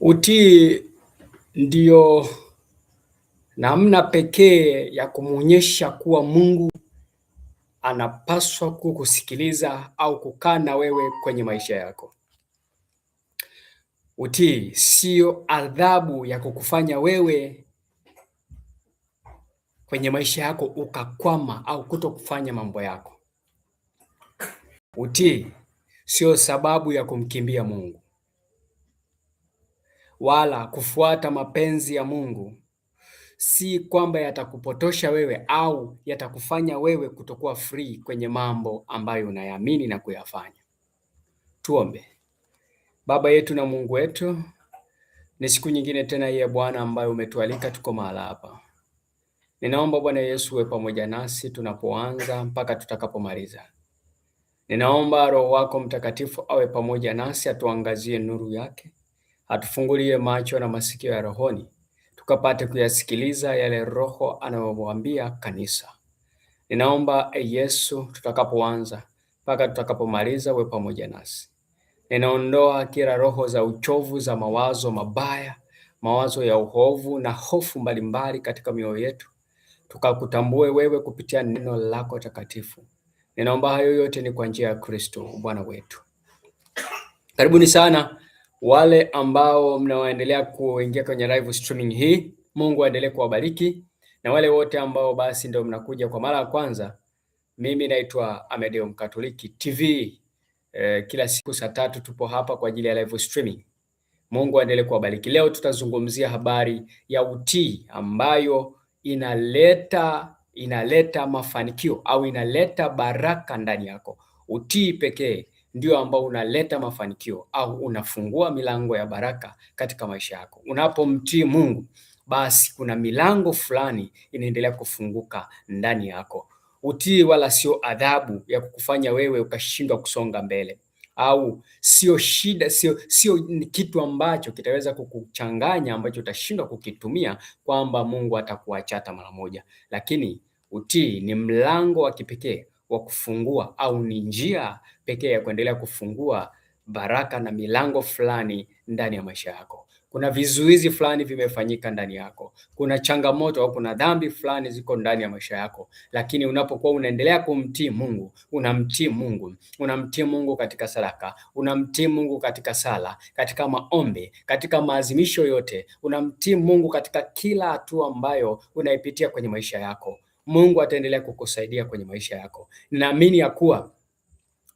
Utii ndiyo namna pekee ya kumwonyesha kuwa Mungu anapaswa kukusikiliza au kukaa na wewe kwenye maisha yako. Utii siyo adhabu ya kukufanya wewe kwenye maisha yako ukakwama au kuto kufanya mambo yako. Utii sio sababu ya kumkimbia Mungu wala kufuata mapenzi ya Mungu, si kwamba yatakupotosha wewe au yatakufanya wewe kutokuwa free kwenye mambo ambayo unayamini na kuyafanya. Tuombe. Baba yetu na Mungu wetu, ni siku nyingine tena ya Bwana ambayo umetualika tuko mahala hapa. Ninaomba Bwana Yesu uwe pamoja nasi tunapoanza mpaka tutakapomaliza. Ninaomba Roho wako Mtakatifu awe pamoja nasi, atuangazie nuru yake atufungulie macho na masikio ya rohoni tukapate kuyasikiliza yale Roho anayomwambia kanisa. Ninaomba e Yesu, tutakapoanza mpaka tutakapomaliza, we pamoja nasi. Ninaondoa kila roho za uchovu, za mawazo mabaya, mawazo ya uhovu na hofu mbalimbali katika mioyo yetu, tukakutambue wewe kupitia neno lako takatifu. Ninaomba hayo yote ni kwa njia ya Kristo Bwana wetu. Karibuni sana wale ambao mnaoendelea kuingia kwenye live streaming hii, Mungu aendelee kuwabariki na wale wote ambao basi ndio mnakuja kwa mara ya kwanza. Mimi naitwa Amedeo Mkatoliki TV. Eh, kila siku saa tatu tupo hapa kwa ajili ya live streaming. Mungu aendelee kuwabariki. Leo tutazungumzia habari ya utii ambayo inaleta inaleta mafanikio au inaleta baraka ndani yako. Utii pekee ndio ambao unaleta mafanikio au unafungua milango ya baraka katika maisha yako. Unapomtii Mungu, basi kuna milango fulani inaendelea kufunguka ndani yako. Utii wala sio adhabu ya kukufanya wewe ukashindwa kusonga mbele au sio shida, sio sio kitu ambacho kitaweza kukuchanganya ambacho utashindwa kukitumia, kwamba Mungu atakuacha hata mara moja. Lakini utii ni mlango wa kipekee wa kufungua au ni njia pekee ya kuendelea kufungua baraka na milango fulani ndani ya maisha yako. Kuna vizuizi fulani vimefanyika ndani yako, kuna changamoto au kuna dhambi fulani ziko ndani ya maisha yako, lakini unapokuwa unaendelea kumtii Mungu, unamtii Mungu, unamtii Mungu katika sadaka, unamtii Mungu katika sala, katika maombi, katika maazimisho yote, unamtii Mungu katika kila hatua ambayo unaipitia kwenye maisha yako, Mungu ataendelea kukusaidia kwenye maisha yako. Naamini ya kuwa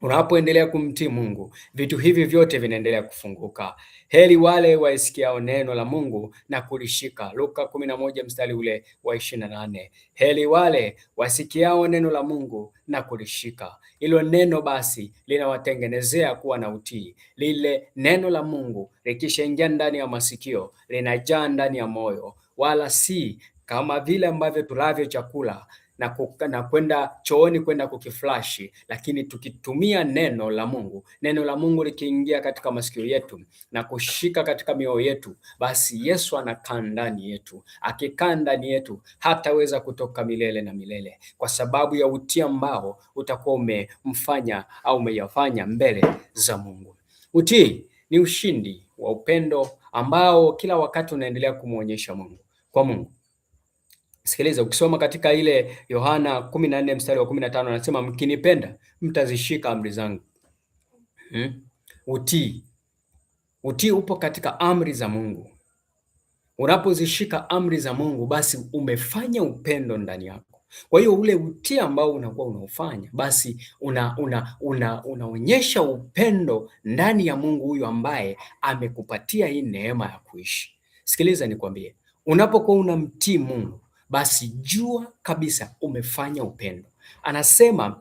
unapoendelea kumtii Mungu, vitu hivi vyote vinaendelea kufunguka. Heri wale waisikiao neno la Mungu na kulishika, Luka kumi na moja mstari ule wa ishirini na nane. Heri wale wasikiao neno la Mungu na kulishika. Hilo neno basi linawatengenezea kuwa na utii. Lile neno la Mungu likishaingia ndani ya masikio, linajaa ndani ya moyo, wala si kama vile ambavyo tulavyo chakula na, kuka, na kwenda chooni kwenda kukiflashi, lakini tukitumia neno la Mungu, neno la Mungu likiingia katika masikio yetu na kushika katika mioyo yetu, basi Yesu anakaa ndani yetu. Akikaa ndani yetu, hataweza kutoka milele na milele, kwa sababu ya utii ambao utakuwa umemfanya au umeyafanya mbele za Mungu. Utii ni ushindi wa upendo ambao kila wakati unaendelea kumwonyesha Mungu kwa Mungu Sikiliza, ukisoma katika ile Yohana kumi mstari wa kumi na tano anasema mkinipenda mtazishika amri zangu. Hmm? Utii, utii upo katika amri za Mungu. Unapozishika amri za Mungu, basi umefanya upendo ndani yako. Kwa hiyo ule utii ambao unakuwa unaofanya, basi unaonyesha una, una, una upendo ndani ya Mungu huyu ambaye amekupatia hii neema ya kuishi. Sikiliza nikwambie, unapokuwa unamtii Mungu basi jua kabisa umefanya upendo. Anasema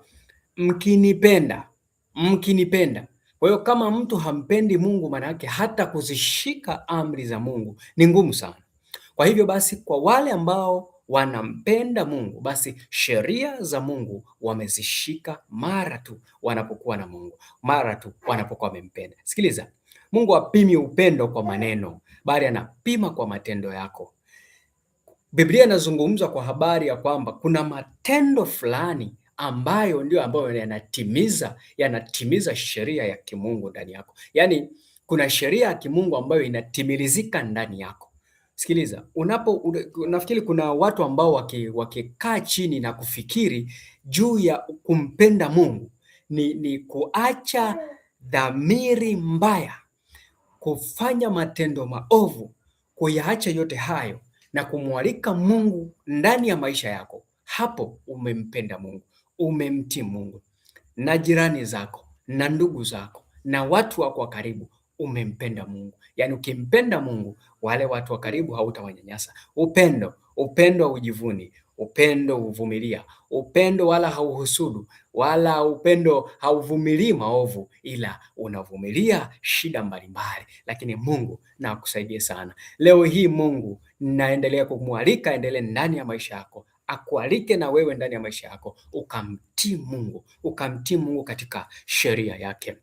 mkinipenda, mkinipenda. Kwa hiyo kama mtu hampendi Mungu, maana yake hata kuzishika amri za Mungu ni ngumu sana. Kwa hivyo basi, kwa wale ambao wanampenda Mungu, basi sheria za Mungu wamezishika mara tu wanapokuwa na Mungu, mara tu wanapokuwa wamempenda. Sikiliza, Mungu apimi upendo kwa maneno, bali anapima kwa matendo yako. Biblia inazungumza kwa habari ya kwamba kuna matendo fulani ambayo ndio ambayo yanatimiza yanatimiza sheria ya kimungu ndani yako, yaani kuna sheria ya kimungu ambayo inatimilizika ndani yako. Sikiliza, unapo nafikiri kuna watu ambao wakikaa waki chini na kufikiri juu ya kumpenda Mungu ni, ni kuacha dhamiri mbaya, kufanya matendo maovu, kuyaacha yote hayo na kumwalika Mungu ndani ya maisha yako, hapo umempenda Mungu, umemtii Mungu, na jirani zako na ndugu zako na watu wako wa karibu umempenda Mungu. Yaani ukimpenda Mungu, wale watu wa karibu hautawanyanyasa. Upendo, upendo haujivuni, Upendo huvumilia, upendo wala hauhusudu, wala upendo hauvumilii maovu, ila unavumilia shida mbalimbali. Lakini Mungu na akusaidie sana leo hii. Mungu naendelea kumwalika, endelee ndani ya maisha yako akualike na wewe ndani ya maisha yako ukamtii Mungu, ukamtii Mungu katika sheria yake.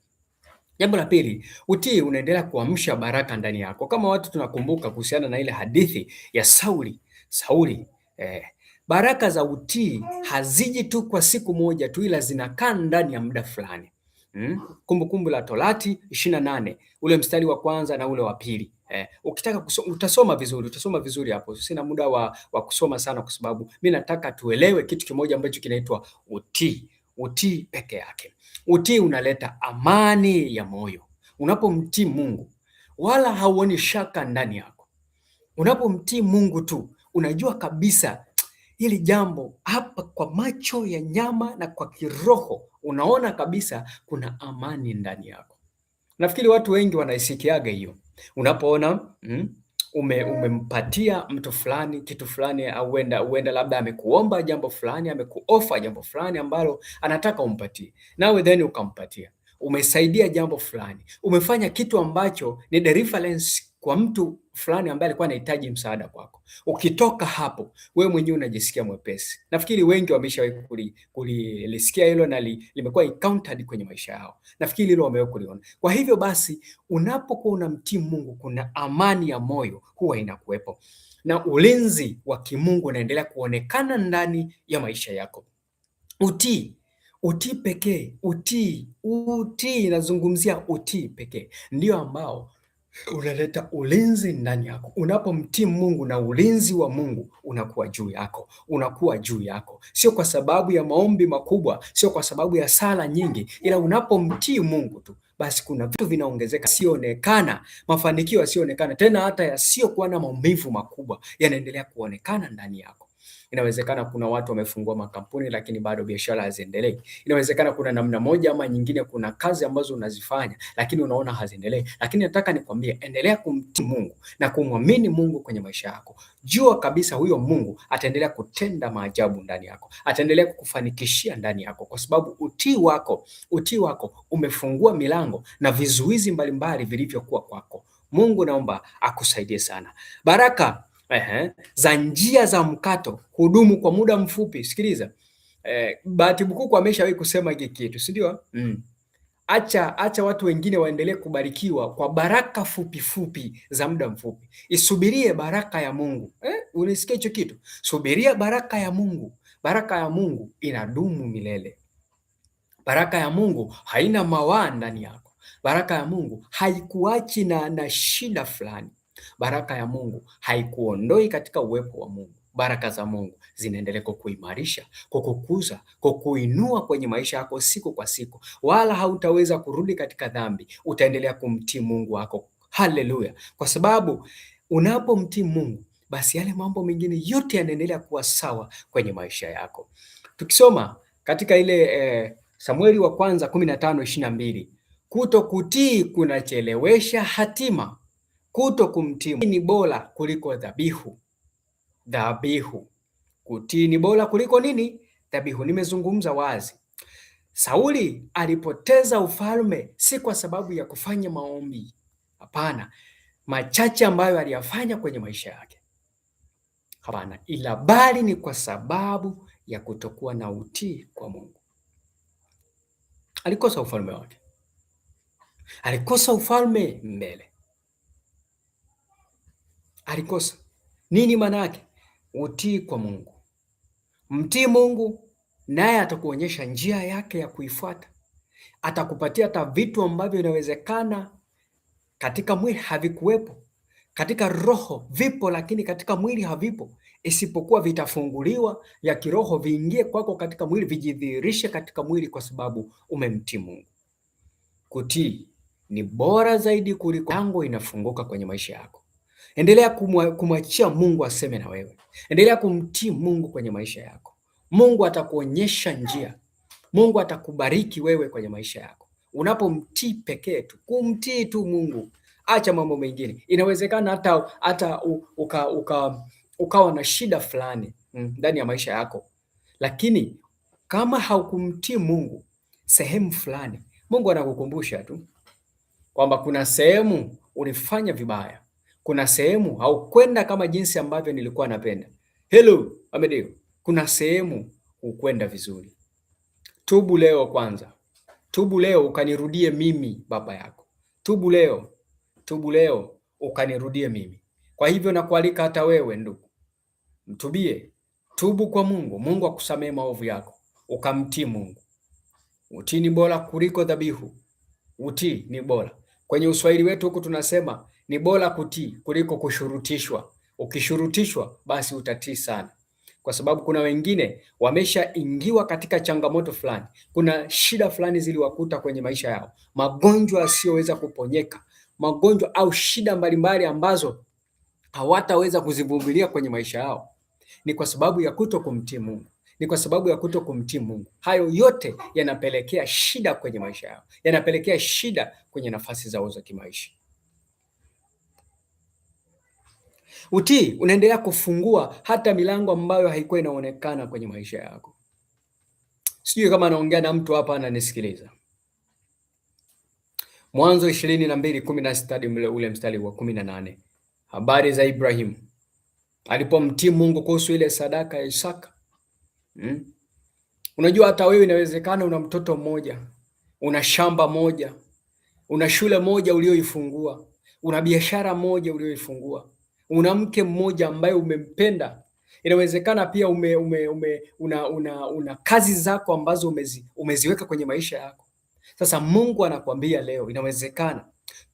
Jambo la pili, utii unaendelea kuamsha baraka ndani yako. Kama watu tunakumbuka kuhusiana na ile hadithi ya Sauli, Sauli eh, Baraka za utii haziji tu kwa siku moja tu, ila zinakaa ndani ya muda fulani. Hmm? Kumbukumbu la Torati ishirini na nane ule mstari wa kwanza na ule wa pili. Eh, ukitaka kusoma, utasoma vizuri utasoma vizuri hapo. Sina muda wa, wa kusoma sana kwa sababu mi nataka tuelewe kitu kimoja ambacho kinaitwa utii. Utii peke yake, utii unaleta amani ya moyo unapomtii Mungu, wala hauoni shaka ndani yako. Unapomtii Mungu tu unajua kabisa hili jambo hapa kwa macho ya nyama na kwa kiroho unaona kabisa kuna amani ndani yako. Nafikiri watu wengi wanaisikiaga hiyo unapoona mm, ume, umempatia mtu fulani kitu fulani, uenda uenda labda amekuomba jambo fulani, amekuofa jambo fulani ambalo anataka umpatie, nawe then ukampatia. Umesaidia jambo fulani, umefanya kitu ambacho ni kwa mtu fulani ambaye alikuwa anahitaji msaada kwako. Ukitoka hapo, wewe mwenyewe unajisikia mwepesi. Nafikiri wengi wameshawahi kulisikia hilo na li, limekuwa encountered kwenye maisha yao. Nafikiri hilo wamewahi kuliona. Kwa hivyo basi, unapokuwa unamtii Mungu, kuna amani ya moyo huwa inakuwepo na ulinzi wa kimungu unaendelea kuonekana ndani ya maisha yako. Utii utii pekee, utii utii, nazungumzia utii pekee ndio ambao unaleta ulinzi ndani yako. Unapomtii Mungu na ulinzi wa Mungu unakuwa juu yako, unakuwa juu yako, sio kwa sababu ya maombi makubwa, sio kwa sababu ya sala nyingi, ila unapomtii Mungu tu basi kuna vitu vinaongezeka, sionekana mafanikio yasiyoonekana tena, hata yasiyokuwa na maumivu makubwa yanaendelea kuonekana ndani yako. Inawezekana kuna watu wamefungua makampuni lakini bado biashara haziendelei. Inawezekana kuna namna moja ama nyingine, kuna kazi ambazo unazifanya lakini unaona haziendelei. Lakini nataka nikwambie, endelea kumtii Mungu na kumwamini Mungu kwenye maisha yako. Jua kabisa huyo Mungu ataendelea kutenda maajabu ndani yako, ataendelea kukufanikishia ndani yako, kwa sababu utii wako, utii wako umefungua milango na vizuizi mbalimbali vilivyokuwa kwako. Mungu naomba akusaidie sana. Baraka ehe, za njia za mkato hudumu kwa muda mfupi. Sikiliza eh, Bahati Bukuku ameshawahi kusema hiki kitu, si ndio? Mm. Acha, acha watu wengine waendelee kubarikiwa kwa baraka fupi fupi za muda mfupi. Isubirie baraka ya Mungu eh? Unisikia hicho kitu? Subiria baraka ya Mungu. Baraka ya Mungu inadumu milele. Baraka ya Mungu haina mawaa ndani yako. Baraka ya Mungu haikuachi na, na shida fulani. Baraka ya Mungu haikuondoi katika uwepo wa Mungu. Baraka za Mungu zinaendelea kukuimarisha, kukukuza, kukuinua kwenye maisha yako siku kwa siku, wala hautaweza kurudi katika dhambi. Utaendelea kumtii Mungu wako. Haleluya! Kwa sababu unapomtii Mungu, basi yale mambo mengine yote yanaendelea kuwa sawa kwenye maisha yako. Tukisoma katika ile eh, Samueli wa kwanza kumi na tano ishirini na mbili kuto kutii kunachelewesha hatima kuto kumtii ni bora kuliko dhabihu. Dhabihu, kutii ni bora kuliko nini? Dhabihu. Nimezungumza wazi. Sauli alipoteza ufalme si kwa sababu ya kufanya maombi, hapana, machache ambayo aliyafanya kwenye maisha yake, hapana, ila bali ni kwa sababu ya kutokuwa na utii kwa Mungu. Alikosa ufalme wake, alikosa ufalme mbele alikosa nini? Maana yake utii kwa Mungu. Mtii Mungu naye atakuonyesha njia yake ya kuifuata, atakupatia hata vitu ambavyo inawezekana katika mwili havikuwepo, katika roho vipo, lakini katika mwili havipo, isipokuwa vitafunguliwa ya kiroho viingie kwako katika mwili, vijidhihirishe katika mwili, kwa sababu umemtii Mungu. Kutii ni bora zaidi kuliko lango inafunguka kwenye maisha yako. Endelea kumwachia Mungu aseme na wewe, endelea kumtii Mungu kwenye maisha yako. Mungu atakuonyesha njia, Mungu atakubariki wewe kwenye maisha yako unapomtii pekee tu, kumtii tu Mungu, acha mambo mengine. Inawezekana hata hata uka, uka, ukawa na shida fulani mm, ndani ya maisha yako, lakini kama haukumtii Mungu sehemu fulani, Mungu anakukumbusha tu kwamba kuna sehemu ulifanya vibaya kuna sehemu haukwenda kama jinsi ambavyo nilikuwa napenda. Hello Amedeo, kuna sehemu hukwenda vizuri. Tubu leo kwanza, tubu leo ukanirudie mimi baba yako. Tubu leo, tubu leo ukanirudie mimi. Kwa hivyo nakualika hata wewe ndugu, mtubie, tubu kwa Mungu. Mungu akusamee maovu yako, ukamtii Mungu. Utii ni bora kuliko dhabihu, utii ni bora. Kwenye uswahili wetu huku tunasema ni bora kutii kuliko kushurutishwa. Ukishurutishwa basi utatii sana, kwa sababu kuna wengine wameshaingiwa katika changamoto fulani, kuna shida fulani ziliwakuta kwenye maisha yao, magonjwa yasiyoweza kuponyeka, magonjwa au shida mbalimbali ambazo hawataweza kuzivumilia kwenye maisha yao, ni kwa sababu ya kuto kumtii Mungu ni kwa sababu ya kuto kumtii Mungu. Hayo yote yanapelekea shida kwenye maisha yao, yanapelekea shida kwenye nafasi zao za kimaisha. Utii unaendelea kufungua hata milango ambayo haikuwa inaonekana kwenye maisha yako. Sijui kama anaongea na mtu hapa ananisikiliza. Mwanzo ishirini na mbili kumi na sita hadi ule mstari wa kumi na nane habari za Ibrahimu alipomtii Mungu kuhusu ile sadaka ya Isaka. Hmm? Unajua hata wewe inawezekana una mtoto mmoja, una shamba moja, una shule moja ulioifungua, una biashara moja ulioifungua una mke mmoja ambaye umempenda. Inawezekana pia ume, ume, ume, una, una, una kazi zako ambazo umezi, umeziweka kwenye maisha yako. Sasa Mungu anakuambia leo, inawezekana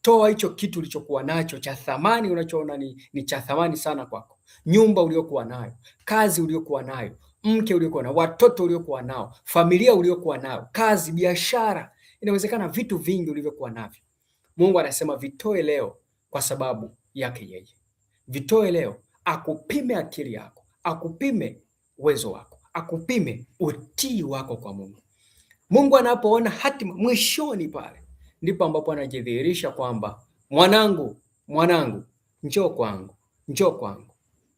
toa hicho kitu ulichokuwa nacho cha thamani, unachoona ni, ni cha thamani sana kwako, nyumba uliyokuwa nayo, kazi uliyokuwa nayo, mke uliokuwa nao, watoto uliokuwa nao, familia uliokuwa nayo, kazi, biashara, inawezekana vitu vingi ulivyokuwa navyo. Mungu anasema vitoe leo kwa sababu yake yeye. Vitoe leo, akupime akili yako, akupime uwezo wako, akupime utii wako kwa Mungu. Mungu anapoona hatima mwishoni pale ndipo ambapo anajidhihirisha kwamba mwanangu, mwanangu, njoo kwangu, njoo kwangu.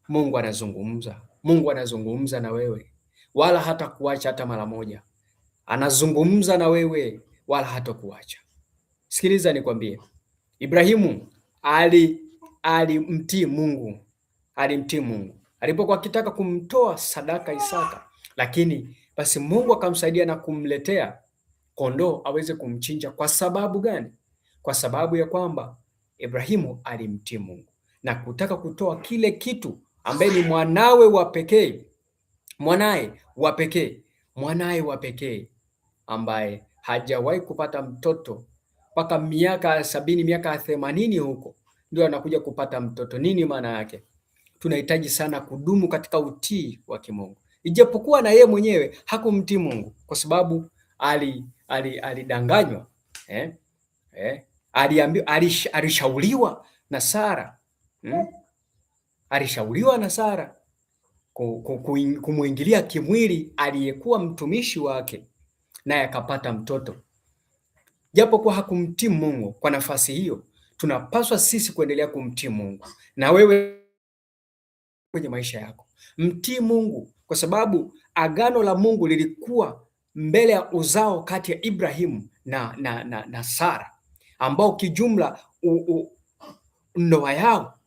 Mungu anazungumza, Mungu anazungumza na wewe, wala hata kuacha hata mara moja. Anazungumza na wewe, wala hata kuacha. Sikiliza nikwambie, Ibrahimu ali alimtii Mungu, alimtii Mungu alipokuwa akitaka kumtoa sadaka Isaka, lakini basi Mungu akamsaidia na kumletea kondoo aweze kumchinja. Kwa sababu gani? Kwa sababu ya kwamba Ibrahimu alimtii Mungu na kutaka kutoa kile kitu ambaye ni mwanawe wa pekee, mwanaye wa pekee, mwanaye wa pekee ambaye hajawahi kupata mtoto mpaka miaka sabini, miaka themanini huko ndio anakuja kupata mtoto. Nini maana yake? Tunahitaji sana kudumu katika utii wa kimungu, ijapokuwa na yeye mwenyewe hakumtii Mungu kwa sababu ali ali, alidanganywa eh? eh? alishauriwa ali, na Sara hmm? alishauriwa na Sara kumwingilia kimwili aliyekuwa mtumishi wake, naye akapata mtoto, japo kwa hakumtii Mungu kwa nafasi hiyo tunapaswa sisi kuendelea kumtii Mungu. Na wewe kwenye maisha yako mtii Mungu, kwa sababu agano la Mungu lilikuwa mbele ya uzao kati ya Ibrahimu na, na, na, na Sara ambao kijumla ndoa yao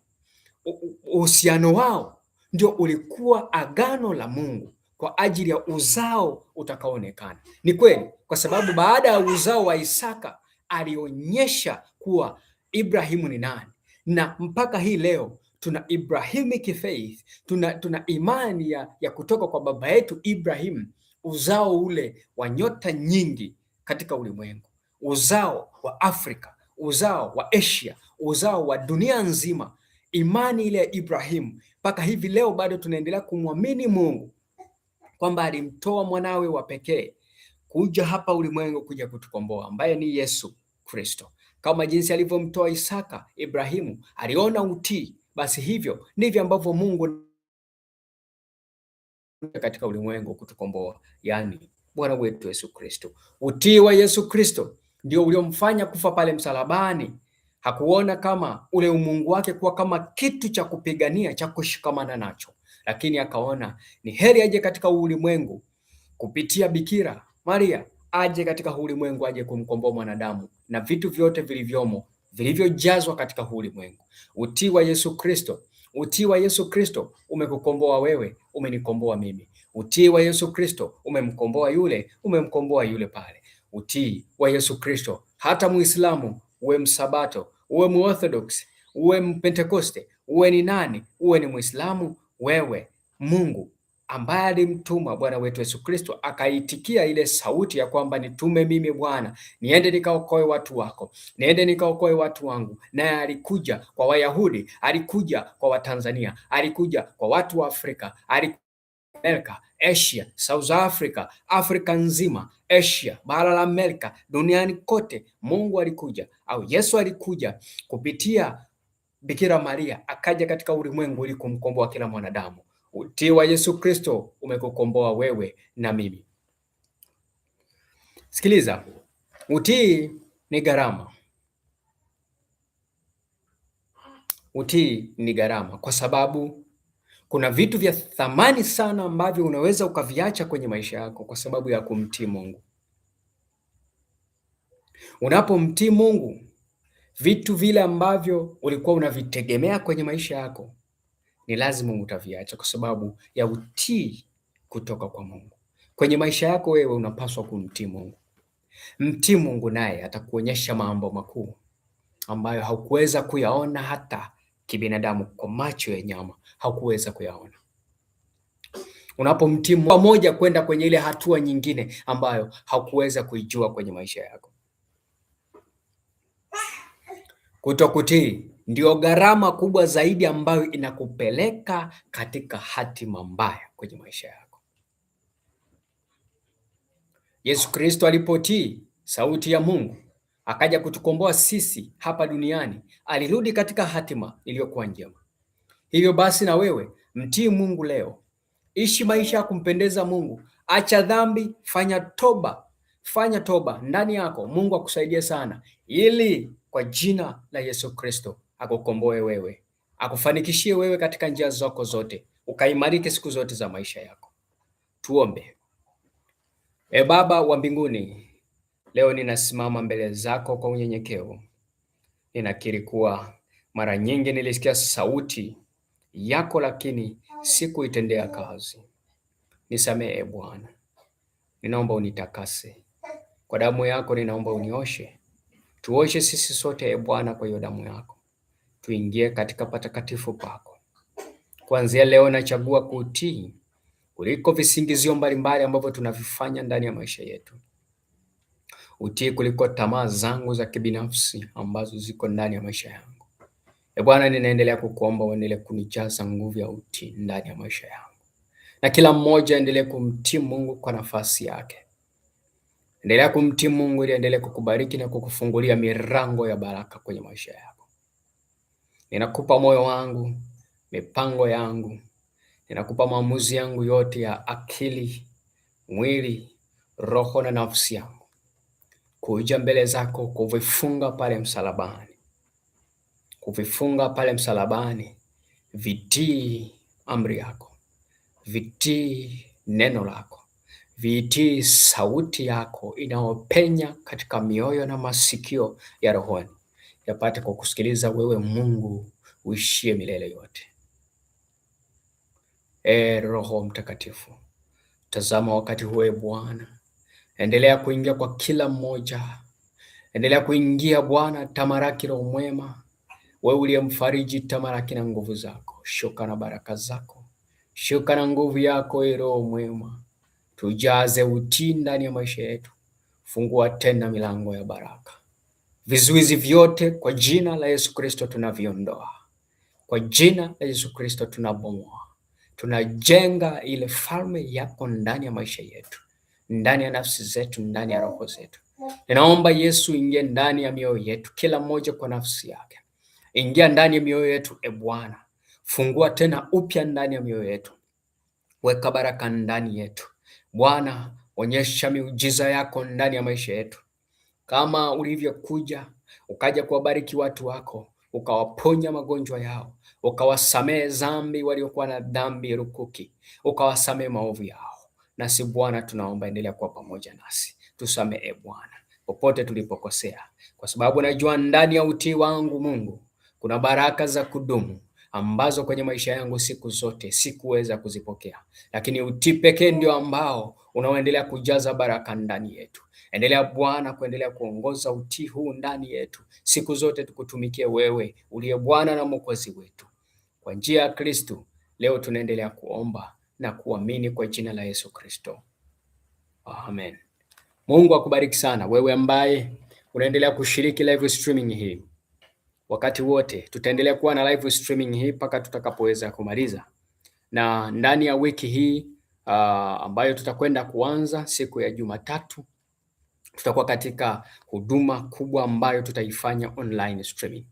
uhusiano wao ndio ulikuwa agano la Mungu kwa ajili ya uzao utakaoonekana. Ni kweli, kwa sababu baada ya uzao wa Isaka alionyesha kuwa Ibrahimu ni nani, na mpaka hii leo tuna Ibrahimic faith, tuna, tuna imani ya, ya kutoka kwa baba yetu Ibrahim, uzao ule wa nyota nyingi katika ulimwengu, uzao wa Afrika, uzao wa Asia, uzao wa dunia nzima. Imani ile ya Ibrahimu mpaka hivi leo bado tunaendelea kumwamini Mungu kwamba alimtoa mwanawe wa pekee kuja hapa ulimwengu kuja kutukomboa, ambaye ni Yesu Kristo kama jinsi alivyomtoa Isaka. Ibrahimu aliona utii, basi hivyo ndivyo ambavyo Mungu katika ulimwengu kutukomboa, yaani Bwana wetu Yesu Kristo. Utii wa Yesu Kristo ndio uliomfanya kufa pale msalabani. Hakuona kama ule umungu wake kuwa kama kitu cha kupigania cha kushikamana nacho, lakini akaona ni heri aje katika ulimwengu kupitia Bikira Maria aje katika huu ulimwengu, aje kumkomboa mwanadamu na vitu vyote vilivyomo vilivyojazwa katika huu ulimwengu. Utii wa Yesu Kristo, utii wa Yesu Kristo umekukomboa wewe, umenikomboa mimi. Utii wa Yesu Kristo umemkomboa yule, umemkomboa yule pale. Utii wa Yesu Kristo, hata Muislamu uwe Msabato, uwe Muorthodox, uwe Mpentekoste, uwe ni nani, uwe ni Muislamu, wewe Mungu ambaye alimtuma Bwana wetu Yesu Kristo akaitikia ile sauti ya kwamba nitume mimi Bwana, niende nikaokoe watu wako, niende nikaokoe watu wangu. Naye alikuja kwa Wayahudi, alikuja kwa Watanzania, alikuja kwa watu wa Afrika, alikuja Amerika, Asia, South Africa, Afrika nzima, Asia, bara la Amerika, duniani kote. Mungu alikuja au Yesu alikuja kupitia Bikira Maria, akaja katika ulimwengu ili kumkomboa kila mwanadamu. Utii wa Yesu Kristo umekukomboa wewe na mimi. Sikiliza, utii ni gharama. Utii ni gharama kwa sababu kuna vitu vya thamani sana ambavyo unaweza ukaviacha kwenye maisha yako kwa sababu ya kumtii Mungu. Unapomtii Mungu, vitu vile ambavyo ulikuwa unavitegemea kwenye maisha yako ni lazima utaviacha kwa sababu ya utii kutoka kwa Mungu. Kwenye maisha yako wewe unapaswa kumtii Mungu. Mtii Mungu naye atakuonyesha mambo makuu ambayo haukuweza kuyaona hata kibinadamu, kwa macho ya nyama haukuweza kuyaona. Unapomtii Mungu pamoja kwenda kwenye ile hatua nyingine ambayo haukuweza kuijua kwenye maisha yako. Kutokutii ndio gharama kubwa zaidi ambayo inakupeleka katika hatima mbaya kwenye maisha yako. Yesu Kristo alipotii sauti ya Mungu akaja kutukomboa sisi hapa duniani, alirudi katika hatima iliyokuwa njema. Hivyo basi, na wewe mtii Mungu leo, ishi maisha ya kumpendeza Mungu, acha dhambi, fanya toba, fanya toba ndani yako. Mungu akusaidie sana, ili kwa jina la Yesu Kristo akukomboe wewe, akufanikishie wewe katika njia zako zote, ukaimarike siku zote za maisha yako. Tuombe. E Baba wa mbinguni, leo ninasimama mbele zako kwa unyenyekevu. Ninakiri kuwa mara nyingi nilisikia sauti yako, lakini sikuitendea kazi. Nisamehe e Bwana, ninaomba unitakase kwa damu yako, ninaomba unioshe, tuoshe sisi sote e Bwana, kwa hiyo damu yako tuingie katika patakatifu pako. Kuanzia leo nachagua kutii kuliko visingizio mbalimbali ambavyo tunavifanya ndani ya maisha yetu, utii kuliko tamaa zangu za kibinafsi ambazo ziko ndani ya maisha yangu. E Bwana, ninaendelea kukuomba uendelee kunijaza nguvu ya utii ndani ya maisha yangu, na kila mmoja aendelee kumtii Mungu kwa nafasi yake. Endelea kumtii Mungu ili aendelee kukubariki na kukufungulia milango ya baraka kwenye maisha yako. Ninakupa moyo wangu, mipango yangu, ninakupa maamuzi yangu yote ya akili, mwili, roho na nafsi yangu, kuja mbele zako, kuvifunga pale msalabani, kuvifunga pale msalabani, vitii amri yako, vitii neno lako, vitii sauti yako inayopenya katika mioyo na masikio ya rohoni yapate kwa kusikiliza wewe Mungu uishie milele yote. E Roho Mtakatifu, tazama wakati huwe Bwana, endelea kuingia kwa kila mmoja, endelea kuingia Bwana. Tamaraki Roho mwema, wewe uliyemfariji tamaraki na nguvu zako, shuka na baraka zako, shuka na nguvu yako. E Roho mwema, tujaze utii ndani ya maisha yetu, fungua tena milango ya baraka Vizuizi vyote kwa jina la Yesu Kristo tunaviondoa, kwa jina la Yesu Kristo tunabomoa, tunajenga ile falme yako ndani ya maisha yetu, ndani ya nafsi zetu, ndani ya roho zetu. Ninaomba Yesu ingie ndani ya mioyo yetu, kila mmoja kwa nafsi yake. Ingia ndani ya mioyo yetu, e Bwana, fungua tena upya ndani ya mioyo yetu, weka baraka ndani yetu Bwana, onyesha miujiza yako ndani ya maisha yetu kama ulivyokuja ukaja kuwabariki watu wako, ukawaponya magonjwa yao, ukawasamehe dhambi waliokuwa na dhambi rukuki, ukawasamehe maovu yao. Nasi Bwana tunaomba endelea kuwa pamoja nasi, tusamehe Bwana popote tulipokosea, kwa sababu najua ndani ya utii wangu Mungu kuna baraka za kudumu ambazo kwenye maisha yangu siku zote sikuweza kuzipokea, lakini utii pekee ndio ambao unaoendelea kujaza baraka ndani yetu. Endelea Bwana kuendelea kuongoza utii huu ndani yetu, siku zote tukutumikie wewe uliye Bwana na Mwokozi wetu. Kwa njia ya Kristo leo tunaendelea kuomba na kuamini kwa jina la Yesu Kristo, amen. Mungu akubariki sana wewe ambaye unaendelea kushiriki live streaming hii. Wakati wote tutaendelea kuwa na live streaming hii mpaka tutakapoweza kumaliza, na ndani ya wiki hii uh, ambayo tutakwenda kuanza siku ya Jumatatu tutakuwa katika huduma kubwa ambayo tutaifanya online streaming.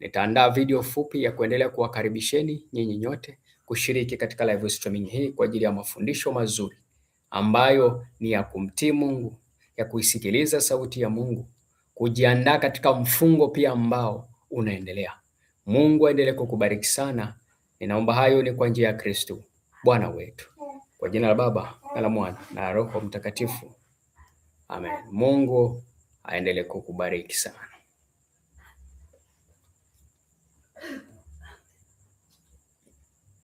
Nitaandaa video fupi ya kuendelea kuwakaribisheni nyinyi nyote kushiriki katika live streaming hii kwa ajili ya mafundisho mazuri ambayo ni ya kumtii Mungu, ya kuisikiliza sauti ya Mungu, kujiandaa katika mfungo pia ambao unaendelea. Mungu aendelee kukubariki sana. Ninaomba hayo ni kwa njia ya Kristo Bwana wetu. Kwa jina la Baba na la Mwana na Roho Mtakatifu. Amen. Mungu aendelee kukubariki sana.